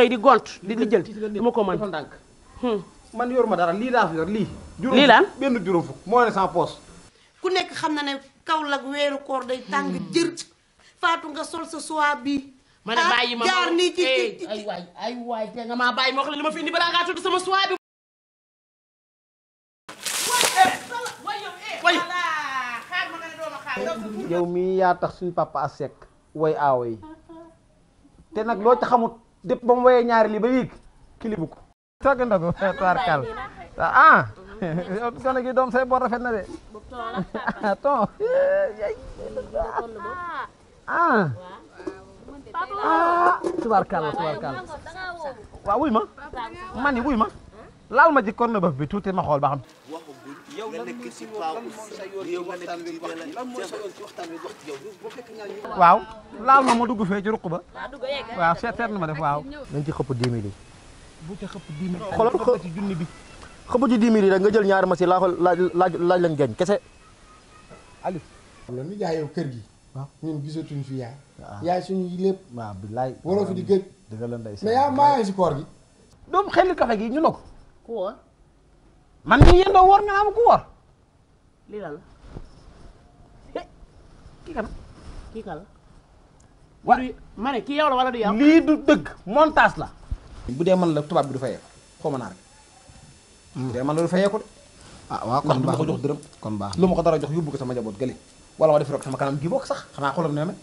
kay di gont di lijjanti dama ko man hmm. man yoruma dara li laa fi yor li lii laan benn juróom fuk mo ne sans poste ku nek xamna ne kaw lak wéru koor day tang jër faatu nga sol ce soir bi ma ne ah, ma jaar ni eh, ci ay way ay way te nga maa bàyyi ma wax la li ma fi indi bala nga tuddu sama soir bi yow mi ya tax suñu papa a way aawo yi te nag loo ci dépp ba mu woyee ñaari li ba yéeg kilibu ko togg na ko tubaarkal ah yow gone gi doom say bor rafet na de ton ah, ah ah tubaarkal ah, tubaarkal waaw ma man yi ma laal ma ci corne bœuf bi tuuti ma xool ba nga nekk ci waaw laal na ma dugg fee ci ruq ba. waaw seet na ma def waaw. nañ ci xëpp 10 000 yi. bu ca xëpp 10 000. xoolal xëpp ci junni bi. xëpp ci 10 000 yi nga jël ñaar ma si laaj laaj laaj lañ gañ kese. Aliou. xam nga ni jaay yow kër gi. waaw ñun gisatuñ fi yaay. yaay suñuy lépp. waaw bilaay. waroo di gëj. dëgg la ndey mais yaa maa ngi si koor gi. doom xel kafe gi ñu ne ko. man mii yéen doo woor nga naa ma ku lii la la eh, kii kan kii kan la. wa ma ne kii yow la wala du yow. lii du dëgg montage la. bu dee man la tubaab bi du fayee ko xaw ma naa rek. Hmm. bu dee man la du fayee ko de. ah waaw kon baax ma ko lu ma ko dara jox yóbbu ko sama njaboot gële. wala ma def rek sama kanam gi bokk sax xanaa xolam nee na.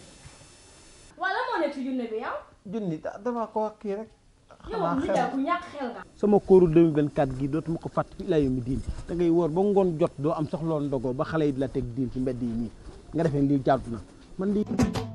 wala moo nekk ci junne bi yow. junni dafa ko kii rek. sama kóoru 2024 gi dootuma ko fàtt fi laa yomi diin da ngay woor ba ngoon jot doo am soxloon ndogoo ba xale yi di la teg diin ci mbedd yi nii nga defee lii jaadu na man lii